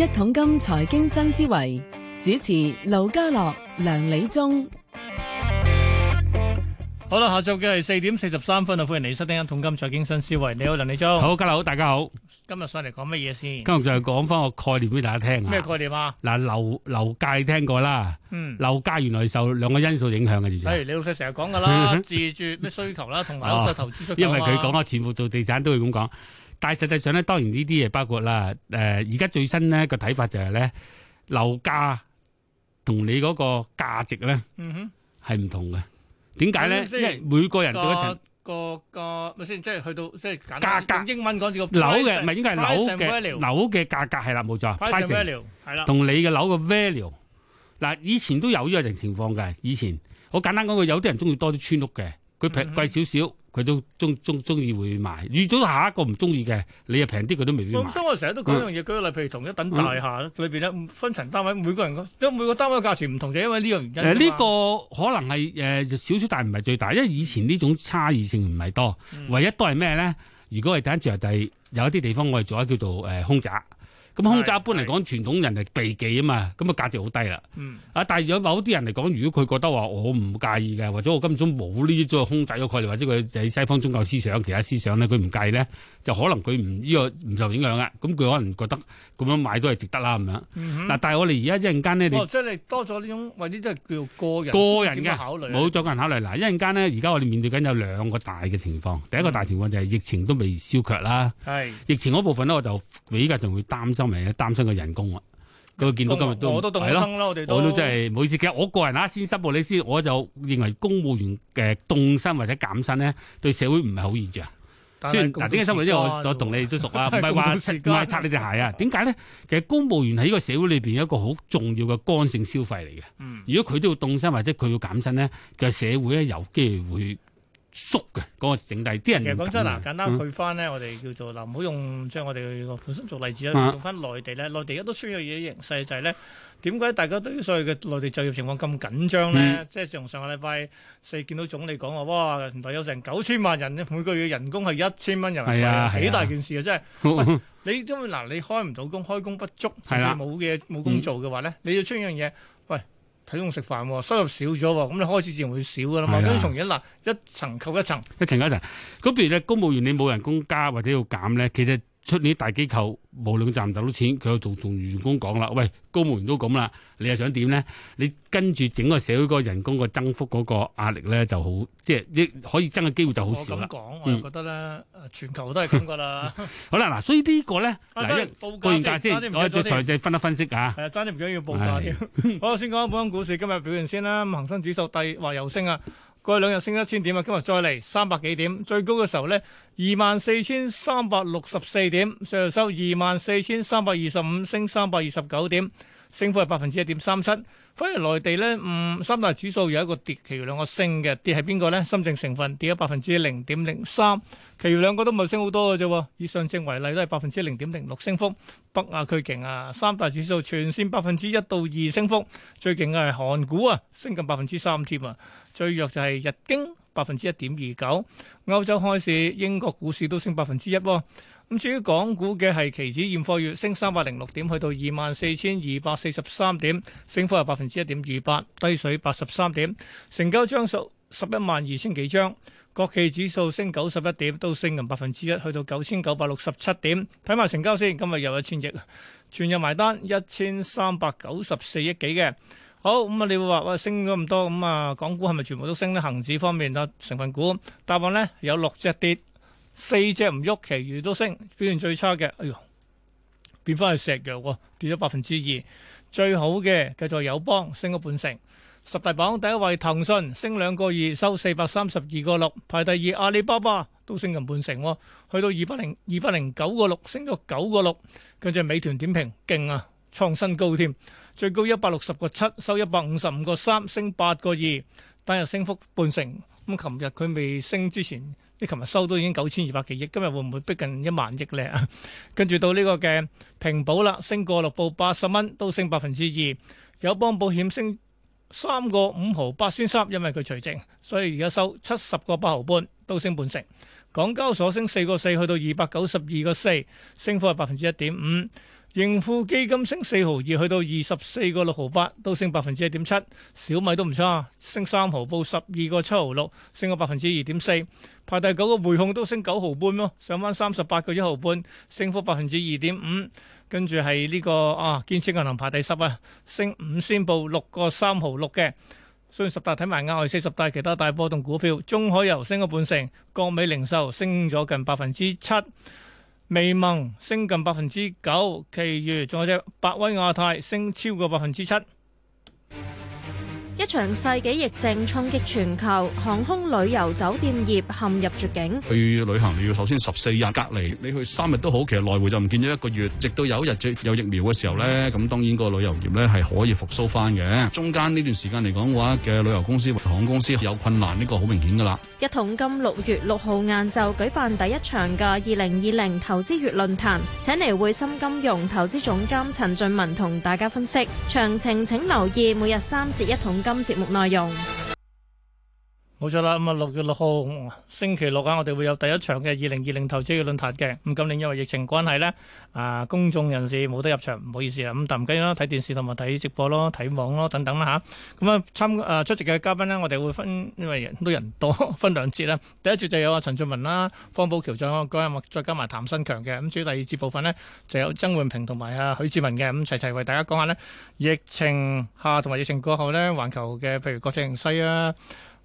一桶金財經新思維主持劉家樂梁理中，好啦，下晝嘅係四點四十三分啊！歡迎你收聽一桶金財經新思維，你好，梁理中。好，家樂大家好。今日上嚟講乜嘢先？今日就係講翻個概念俾大家聽。咩概念啊？嗱，樓樓價聽過啦。嗯。樓價原來受兩個因素影響嘅，就例如李老師成日講噶啦， 自住咩需求啦，同埋投資需求。 因為佢講啊，全部做地產都會咁講。但係實際上咧，當然呢啲嘢包括啦，誒而家最新咧個睇法就係咧樓價同你嗰個價值咧嗯哼，係唔同嘅。點解咧？因為每個人都個個咪先，即係去到即係簡單價格用英文講住個樓嘅，唔係應該係樓嘅樓嘅價格係啦，冇錯，value 係啦，同你嘅樓嘅 value 嗱，以前都有呢個情況嘅。以前好簡單講句，有啲人中意多啲村屋嘅，佢平貴少少。佢都中中中意會買，遇到下一個唔中意嘅，你又平啲，佢都未必、嗯。咁所以我成日都講一樣嘢，舉例譬如同一等大廈裏邊咧，分層單位，每個人，因為每個單位嘅價錢唔同，就因為呢個原因、嗯。誒、這、呢個可能係誒少少，但係唔係最大，因為以前呢種差異性唔係多，唯一多係咩咧？嗯、如果係第一住第二，有一啲地方我哋做一叫做誒空宅。咁、嗯、空宅一般嚟講，傳統人係避忌啊嘛，咁啊價值好低啦。啊、嗯，但如果某啲人嚟講，如果佢覺得話我唔介意嘅，或者我根本冇呢啲空宅嘅概念，或者佢喺西方宗教思想、其他思想咧，佢唔介意咧，就可能佢唔呢個唔受影響啊。咁佢可能覺得咁樣買都係值得啦，咁樣、嗯。嗱、啊，但係我哋而家一陣間咧，哦、你、哦、即係多咗呢種或者都係叫個人個人嘅考慮，冇咗個人考慮。嗱，一陣間咧，而家我哋面對緊有兩個大嘅情況。第一個大情況就係疫情都未消卻啦。係疫情嗰部分咧，我就比較仲會擔心。咪擔心個人工啊！佢那見到今日都係咯，我都，我都真係唔好意思。其實我個人啊，先失誤你先，我就認為公務員嘅凍薪或者減薪咧，對社會唔係好形象。雖然嗱，點解失誤？為因為我我同你都熟啊，唔係話唔係拆你隻鞋啊？點解咧？其實公務員喺呢個社會裏邊有一個好重要嘅剛性消費嚟嘅。嗯、如果佢都要凍薪或者佢要減薪咧，其實社會咧有機會，會。縮嘅嗰個整體，啲人其實講真嗱，簡單舉翻咧，我哋叫做嗱，唔好用即係我哋個本身做例子啦，用翻內地咧，內地而家都需要嘅形勢就係咧，點解大家對於所謂嘅內地就業情況咁緊張咧？即係從上個禮拜四見到總理講話，哇原來有成九千萬人咧，每個月人工係一千蚊人仔，幾大件事啊！即係，你都嗱，你開唔到工，開工不足，你冇嘢冇工做嘅話咧，你要出一樣嘢。體用食飯，收入少咗，咁你開始自然會少㗎啦嘛。咁樣重演嗱，一層扣一層，一層一層。咁譬如咧，公務員你冇人工加或者要減咧，其實。出呢啲大機構，無論賺唔賺到錢，佢又同同員工講啦：，喂，公務員都咁啦，你又想點咧？你跟住整個社會嗰個人工個增幅嗰個壓力咧，就好即係，你可以增嘅機會就好少啦。咁講，嗯、我覺得咧，全球都係咁噶啦。 好啦，嗱，所以個呢個咧，嗱，報完價先，我做財政分一分析嚇。係啊，爭啲唔記得要報價添。 好，先講本港股市今日表現先啦，恒生指數第話又升啊。 過去兩日升一千點啊，今日再嚟三百幾點。最高嘅時候呢，二萬四千三百六十四點，上日收二萬四千三百二十五，升三百二十九點。升幅係百分之一點三七，反而內地咧，嗯，三大指數有一個跌，其餘兩個升嘅。跌係邊個咧？深圳成分跌咗百分之零點零三，其餘兩個都唔係升好多嘅啫。以上證為例，都係百分之零點零六升幅。北亞區勁啊，三大指數全線百分之一到二升幅，最勁嘅係韓股啊，升近百分之三添啊。最弱就係日經百分之一點二九，歐洲開市，英國股市都升百分之一。咁至於港股嘅係期指現貨月升三百零六點，去到二萬四千二百四十三點，升幅係百分之一點二八，低水八十三點，成交張數十一萬二千幾張。國企指數升九十一點，都升近百分之一，去到九千九百六十七點。睇埋成交先，今日又一千億，全日埋單一千三百九十四億幾嘅。好，咁啊，你會話哇，升咗咁多，咁啊，港股係咪全部都升咧？恆指方面啊，成分股答案咧有六隻跌。四隻唔喐，其餘都升。表現最差嘅，哎呦，變翻係石油喎、啊，跌咗百分之二。最好嘅繼續係友邦，升咗半成。十大榜第一位騰訊，升兩個二，收四百三十二個六。排第二阿里巴巴都升近半成、啊，去到二百零二百零九個六，升咗九個六。跟住係美團點評，勁啊，創新高添，最高一百六十個七，收一百五十五個三，升八個二，單日升幅半成。咁琴日佢未升之前。你琴日收都已經九千二百幾億，今日會唔會逼近一萬億呢？跟 住到呢個嘅平保啦，升過六報八十蚊，都升百分之二。友邦保險升三個五毫八先三，因為佢除淨，所以而家收七十個八毫半，都升半成。港交所升四個四，去到二百九十二個四，升幅係百分之一點五。盈富基金升四毫二，去到二十四個六毫八，都升百分之一點七。小米都唔差，升三毫，報十二個七毫六，升個百分之二點四。排第九嘅匯控都升九毫半咯，上翻三十八個一毫半，升幅百分之二點五。跟住係呢個啊，建設銀行排第十啊，升五先報六個三毫六嘅。所以十大睇埋，額外四十大其他大波動股票，中海油升個半成，國美零售升咗近百分之七。微盟升近百分之九，其餘仲有隻百威亞太升超過百分之七。一場世紀疫症衝擊全球，航空旅遊酒店業陷入絕境。去旅行你要首先十四日隔離，你去三日都好，其實來回就唔見咗一個月。直到有一日有疫苗嘅時候呢，咁當然個旅遊業呢係可以復甦翻嘅。中間呢段時間嚟講嘅話，嘅旅遊公司、航空公司有困難呢、呢個好明顯噶啦。一桶金六月六號晏晝舉辦第一場嘅二零二零投資月論壇，請嚟匯深金融投資總監陳俊文同大家分析詳情，請留意每日三節一桶。今節目內容。冇錯啦！咁啊，六月六號星期六啊，我哋會有第一場嘅二零二零投資嘅論壇嘅。咁今年因為疫情關係咧，啊，公眾人士冇得入場，唔好意思啊。咁但唔緊要啦，睇電視同埋睇直播咯，睇網咯，等等啦嚇。咁啊，參啊出席嘅嘉賓咧，我哋會分因為人都人多分兩節啦。第一節就有啊陳俊文啦、方寶橋，再講下再加埋譚新強嘅咁。至於第二節部分咧，就有曾煥平同埋啊許志文嘅咁齊齊為大家講下咧疫情下同埋疫情過後咧，環球嘅譬如國際形勢啊。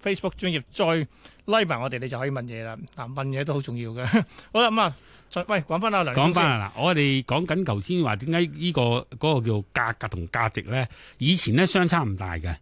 Facebook 專業再拉、like、埋我哋，你就可以問嘢啦。嗱，問嘢都好重要嘅。 好啦，咁啊，再喂，講翻阿梁先講翻啊嗱，我哋講緊頭先話點解呢個嗰、嗰個叫價格同價值咧，以前咧相差唔大嘅。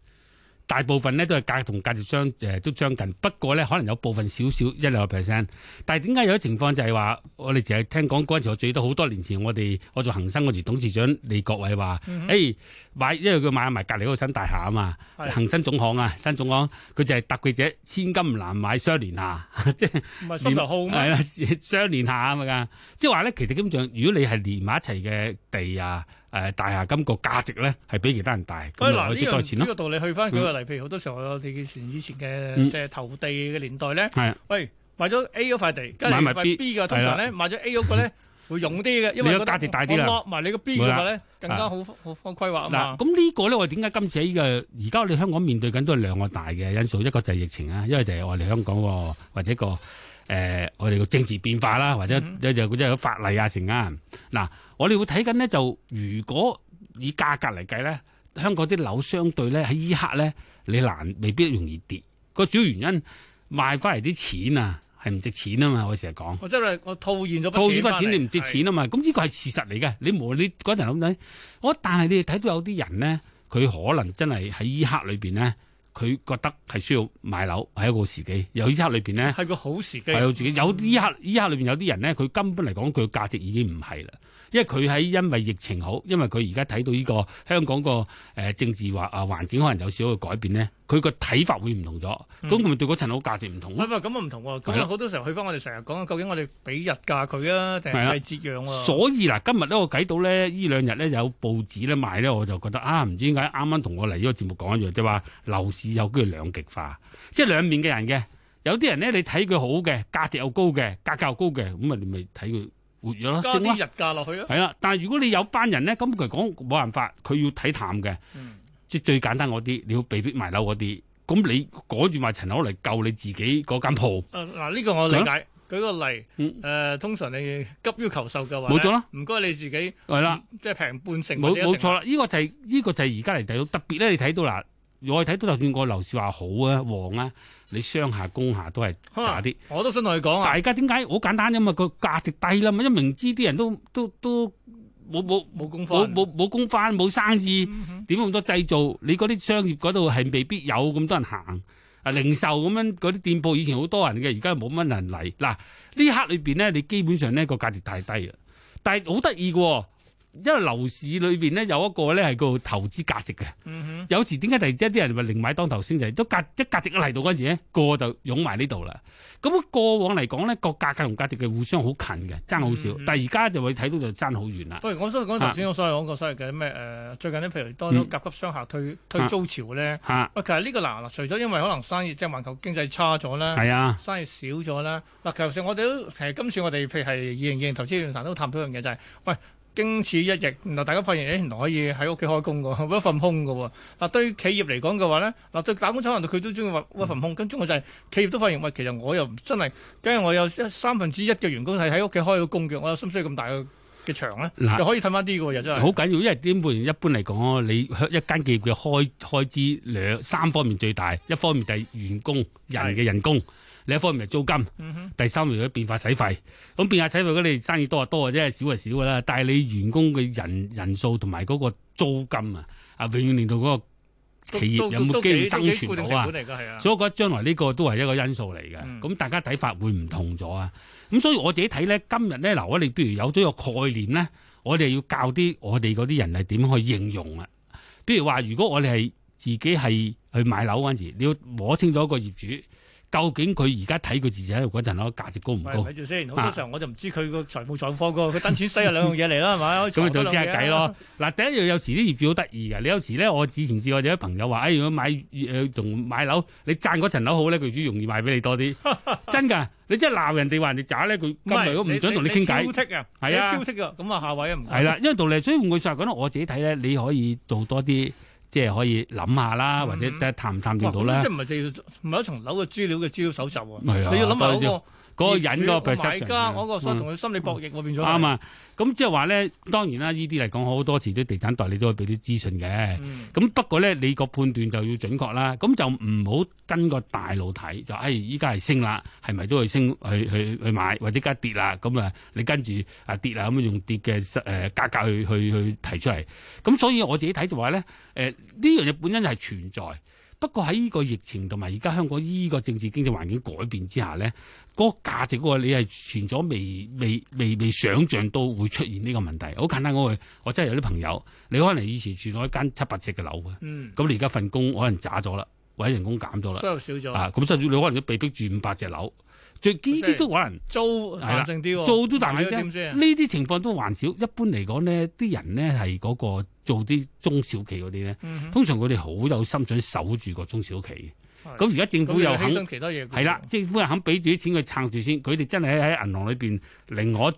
大部分咧都係價同價值相誒都將近，不過咧可能有部分少少一兩個 percent。但係點解有啲情況就係話，我哋淨係聽講嗰陣時，我最多好多年前，我哋我做恒生嗰時，董事長利國偉話：，誒、嗯哼哎、買，因為佢買埋隔離嗰個新大廈啊嘛，恒的生總行啊，新總行，佢就係特佢者千金難買雙連下 即， 即係唔係雙頭號？係啦，雙連下啊嘛㗎，即係話咧，其實基本上如果你係連埋一齊嘅地啊。誒大下金個價值咧係比其他人大，咁咪以呢個道理去翻佢例，譬如好多時候我哋以前嘅即係投地嘅年代咧，喂，賣咗 A 嗰塊地，跟住賣塊 B 嘅，通常咧賣咗 A 嗰個咧會用啲嘅，因為個價值大啲啦。你個 B 嘅話咧更加好好方規劃啊嘛。咁呢個咧我點解今次喺依個而家我哋香港面對緊都係兩個大嘅因素，一個就係疫情啊，一個就係我哋香港或者個。誒、呃，我哋個政治變化啦，或者有即係有法例啊，成間。嗱，我哋會睇緊呢，就如果以價格嚟計咧，香港啲樓相對咧喺依刻咧，你難未必容易跌。個主要原因賣翻嚟啲錢啊，係唔值錢啊嘛。我成日講，我真、就、係、是、我套現咗，套現筆錢你唔值錢啊嘛。咁呢個係事實嚟嘅。你無理你嗰陣諗緊，我但係你睇到有啲人咧，佢可能真係喺依刻裏邊咧。佢覺得係需要買樓，係一個時機，有啲客裏邊咧係個好時機，係有時機。有啲客，依客裏邊有啲人咧，佢根本嚟講，佢個價值已經唔係啦。因為佢喺因為疫情好，因為佢而家睇到呢個香港個誒、呃、政治或啊環境可能有少少改變咧，佢個睇法會唔同咗。咁佢咪對嗰層樓價值唔同咯。唔係咁啊唔同，咁好、啊、的多時候去翻我哋成日講，究竟我哋俾溢價佢啊，定係折讓啊？所以嗱，今日咧我睇到咧呢兩日咧有報紙咧賣咧，我就覺得啊，唔知點解啱啱同我嚟呢個節目講一樣，就話、是、樓市有叫做兩極化，即係兩面嘅人嘅。有啲人咧你睇佢好嘅，價值又高嘅，價格又高嘅，咁啊你咪睇佢。活咗咯，加啲日價落去啊！係啦， 但係如果你有班人咧，咁佢講冇辦法，佢要睇淡嘅。即係、嗯、最簡單嗰啲，你要被迫埋樓嗰啲，咁你改住埋層樓嚟救你自己嗰間鋪。嗱、啊、呢、這個我理解。了舉個例，誒、呃、通常你急於求售嘅話，冇咗啦。唔該，你自己係啦，了即係平半成，成。冇冇錯啦，呢、這個就係、是、依、這個就係而家嚟睇到特別咧，你睇到啦。我睇都就算個樓市話好啊旺啊，你商下工下都係差啲。我都想同你講啊！大家點解？好簡單啫、啊、嘛，個價值低啦，因為明知啲人都都都冇冇冇工返，冇冇冇工返，冇生意，點咁多製造？你嗰啲商業嗰度係未必有咁多人行啊，零售咁樣嗰啲店鋪以前好多人嘅，而家冇乜人嚟。嗱呢刻裏邊咧，你基本上咧個價值太低啦，但係好得意嘅。因為樓市裏邊咧有一個咧係個投資價值嘅，有時點解突然之間啲人話零買當頭先就係都價一價值嚟到嗰陣時咧個就擁埋呢度啦。咁過往嚟講呢個價格同價值嘅互相好近嘅，爭好少。但係而家就會睇到就爭好遠啦。不如我想講頭先，我所以講個所謂嘅咩誒，最近啲譬如當咗甲級商廈退退租潮咧，啊，其實呢個嗱，除咗因為可能生意即係環球經濟差咗咧，係啊，生意少咗啦。嗱，其實我哋都其實今次我哋譬如係二零二零投資論壇都探到一樣嘢，就係喂。經此一役，然後大家發現，誒、欸、原來可以喺屋企開工嘅，一份空嘅喎。嗱、啊，對企業嚟講嘅話咧，嗱、啊、對打工仔嚟講，佢都中意一份空。跟住我就係、是、企業都發現，喂、欸，其實我又真係，跟住我有三分之一嘅員工係喺屋企開到工嘅，我需唔需要咁大嘅嘅場咧？嗱，可以睇翻啲嘅又真係好緊要。因為點會，一般嚟講，你一間企業嘅開開支兩三方面最大，一方面就係員工人嘅人工。一方面係租金，第三樣嘢，變化使費，咁變化使費，如果你生意多就多或者係少就少噶啦。但係你員工嘅人人數同埋嗰個租金啊，啊，永遠令到嗰個企業有冇機會生存到啊？所以我覺得將來呢個都係一個因素嚟嘅。咁、嗯、大家睇法會唔同咗啊？咁所以我自己睇咧，今日咧，嗱，我哋譬如有咗個概念咧，我哋要教啲我哋嗰啲人係點樣去應用啊。譬如話，如果我哋係自己係去買樓嗰陣時，你要摸清楚個業主。究竟佢而家睇佢自己喺度嗰層樓價值高唔高？睇住先，好多時我就唔知佢個財務狀況佢掙錢西有兩樣嘢嚟啦，係嘛？咁咪就傾下偈咯。嗱，第一樣有時啲業主好得意嘅，你有時咧，我之前試過我哋啲朋友話：，如、哎、果買誒同、呃、買樓，你賺嗰層樓好咧，佢容易賣俾你多啲。 真㗎，你真係鬧人哋話人哋渣咧，佢今日唔想同你傾偈。挑剔啊，係啊，挑剔㗎，咁啊，下位啊唔係啦，因為道理，所以換句實講，我自己睇咧，你可以做多啲。即係可以諗下啦，或者得探探掂到啦。哇！即係唔係就要買一層樓嘅資料嘅資料搜集喎、啊？你要諗下、嗰個。嗰、嗯嗯嗰個引、oh my 啊、個 perception 我個心同佢心理博弈我變咗啱啊！咁即係話咧，當然啦，依啲嚟講好多次，啲地產代理都會俾啲資訊嘅。咁、嗯、不過咧，你個判斷就要準確啦。咁就唔好跟個大路睇，就誒依家係升啦，係咪都升去升去去去買，或者而家跌啦，咁啊你跟住啊跌啊咁用跌嘅誒價格去去去，去提出嚟。咁所以我自己睇就話咧，誒、呃、呢樣嘢本身係存在。不過喺呢個疫情同埋而家香港依個政治經濟環境改變之下咧，嗰、嗰個價值喎，你係存咗未未未未，未想像到會出現呢個問題。好簡單我句，我真係有啲朋友，你可能以前住咗一間七八尺嘅樓嘅，咁、嗯、你而家份工可能渣咗啦，或者人工減咗啦，收入少咗，啊，咁所以你可能都被逼住五百尺樓。最呢啲都可能租，係啦的，做都大把啫。呢啲情況都還少。嗯、哼一般嚟講咧，啲人咧係嗰個做啲中小企嗰啲咧，嗯、哼通常佢哋好有心想守住個中小企。咁而家政府又肯，係啦，政府又肯俾住啲錢佢撐住先。佢哋真係喺喺銀行裏邊令我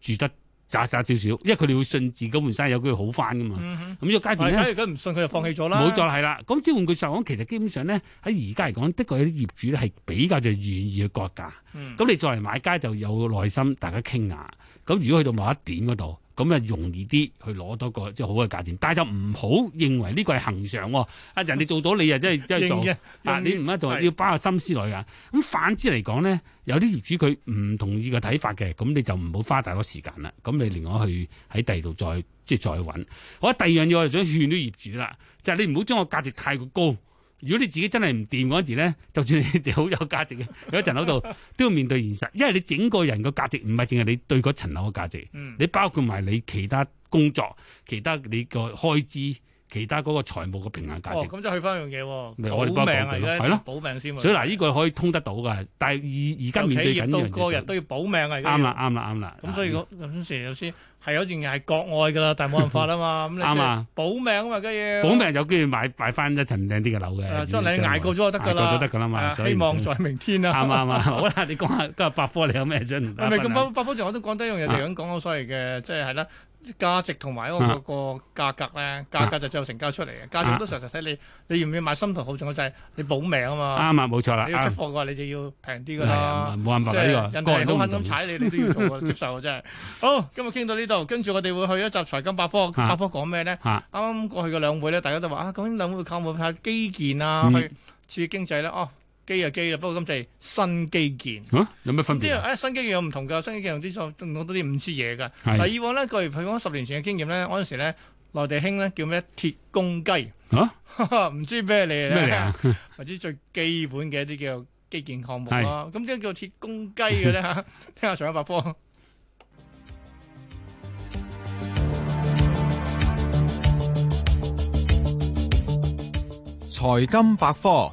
住得。揸揸少少，因為佢哋會信自己盤生意，有機會好翻噶嘛。咁、嗯、哼呢個階段咧，係假如佢唔信，佢就放棄咗啦。冇錯，係啦。咁只換句說話，其實基本上咧喺而家嚟講，的確有啲業主咧係比較就願意去割價。咁、嗯、你作為買家就有耐心，大家傾下。咁如果去到某一點嗰度。咁啊，容易啲去攞多個即係好嘅價錢，但係就唔好認為呢個係恒常喎。啊，人哋做咗你啊，即係即係做啊，你唔一做，的你要包花心思落去。咁反之嚟講咧，有啲業主佢唔同意個睇法嘅，咁你就唔好花太多時間啦。咁你另外去喺、就是、第二度再即係再揾。我第二樣嘢我係想勸啲業主啦，就係、是、你唔好將個價值太過高，如果你自己真係唔掂嗰陣時咧，就算你哋好有價值嘅嗰層樓度，都要面對現實，因為你整個人個價值唔係淨係你對嗰層樓嘅價值，你包括埋你其他工作、其他你個開支。其他嗰個財務嘅平衡價值。咁就去翻一樣嘢喎，保命係咯，保命先。所以嗱，呢個可以通得到嘅，但係而而家面對緊一到個人都要保命啊！啱啦，啱啦，啱啦。咁所以嗰，咁有先係有件嘢係國外嘅啦，但係冇辦法啊嘛。咁你啱保命啊嘛，梗要。保命有機會買買翻一層靚啲嘅樓嘅。啊，將你捱過咗就得㗎啦。過咗得㗎啦嘛。希望在明天啦。啱啊啱啊。好啦，你講下今日百科你有咩嘢想？咁百百科就我都講一樣嘢。哋咁講，我所謂嘅即係係啦。價值同埋嗰個個價格咧，價格就最後成交出嚟嘅，價值都實實睇你，你願唔願意買心頭好重嘅就係、是、你保命啊嘛。啱啊，冇錯啦。你要出貨嘅話，你就要平啲噶啦。冇辦法喎，人肯、這個、個人都咁踩你，你都要做啊，接受啊真係。好、 哦，今日傾到呢度，跟住我哋會去一集財金百科， 百科講咩咧？啱啱過去嘅兩會咧，大家都話啊，講兩會靠冇靠基建啊，嗯、去刺激經濟咧？哦。基啊基啦，不過今次係新基建，嚇有咩分別？啲啊，新基建有唔同噶，新基建有啲所講多啲唔知嘢噶。但係以往咧，佢譬如講十年前嘅經驗咧，嗰陣時咧，內地興咧叫咩鐵公雞，嚇唔知咩嚟咧，或者最基本嘅一啲叫做基建項目啦。咁點解叫做鐵公雞嘅咧嚇？聽下上一百科，財金百科。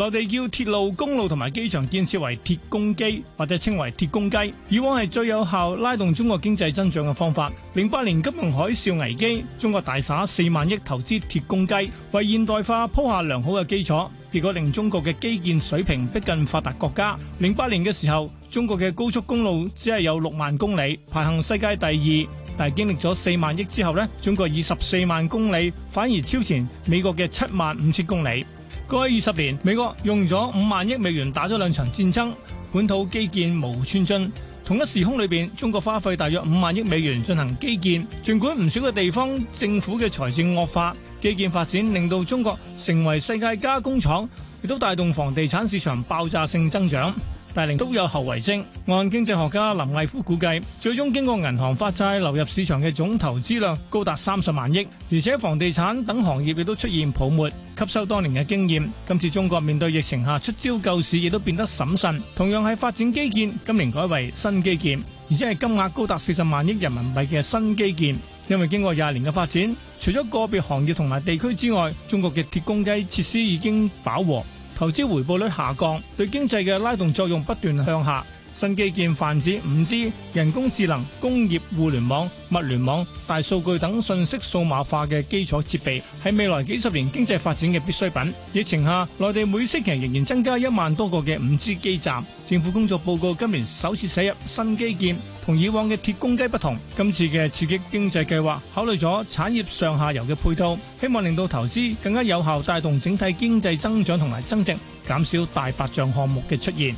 內地叫鐵路、公路同埋機場建設為鐵公機，或者稱為鐵公雞。以往係最有效拉動中國經濟增長嘅方法。零八年金融海嘯危機，中國大撒四萬億投資鐵公雞，為現代化鋪下良好嘅基礎。結果令中國嘅基建水平逼近發達國家。零八年嘅時候，中國嘅高速公路只係有六萬公里，排行世界第二。但係經歷咗四萬億之後呢，中國以十四萬公里，反而超前美國嘅七萬五千公里。過去二十年，美國用咗五萬億美元打咗兩場戰爭，本土基建無寸進。同一時空裏邊，中國花費大約五萬億美元進行基建，盡管唔少嘅地方政府嘅財政惡化，基建發展令到中國成為世界加工廠，亦都帶動房地產市場爆炸性增長。大零都有後遺症。按經濟學家林毅夫估計，最終經過銀行發債流入市場嘅總投資量高達三十萬億，而且房地產等行業亦都出現泡沫。吸收當年嘅經驗，今次中國面對疫情下出招救市亦都變得審慎。同樣係發展基建，今年改為新基建，而且係金額高達四十萬億人民幣嘅新基建。因為經過廿年嘅發展，除咗個別行業同埋地區之外，中國嘅鐵公雞設施已經飽和。投資回報率下降，對經濟嘅拉動作用不斷向下。新基建泛指五 G、人工智能、工業互聯網、物聯網、大數據等信息數碼化嘅基礎設備，係未來幾十年經濟發展嘅必需品。疫情下，內地每星期仍然增加一萬多個嘅五 G 基站。政府工作報告今年首次寫入新基建。同以往嘅鐵公雞不同，今次嘅刺激經濟計劃考慮咗產業上下游嘅配套，希望令到投資更加有效，帶動整體經濟增長同埋增值，減少大白象項目嘅出現。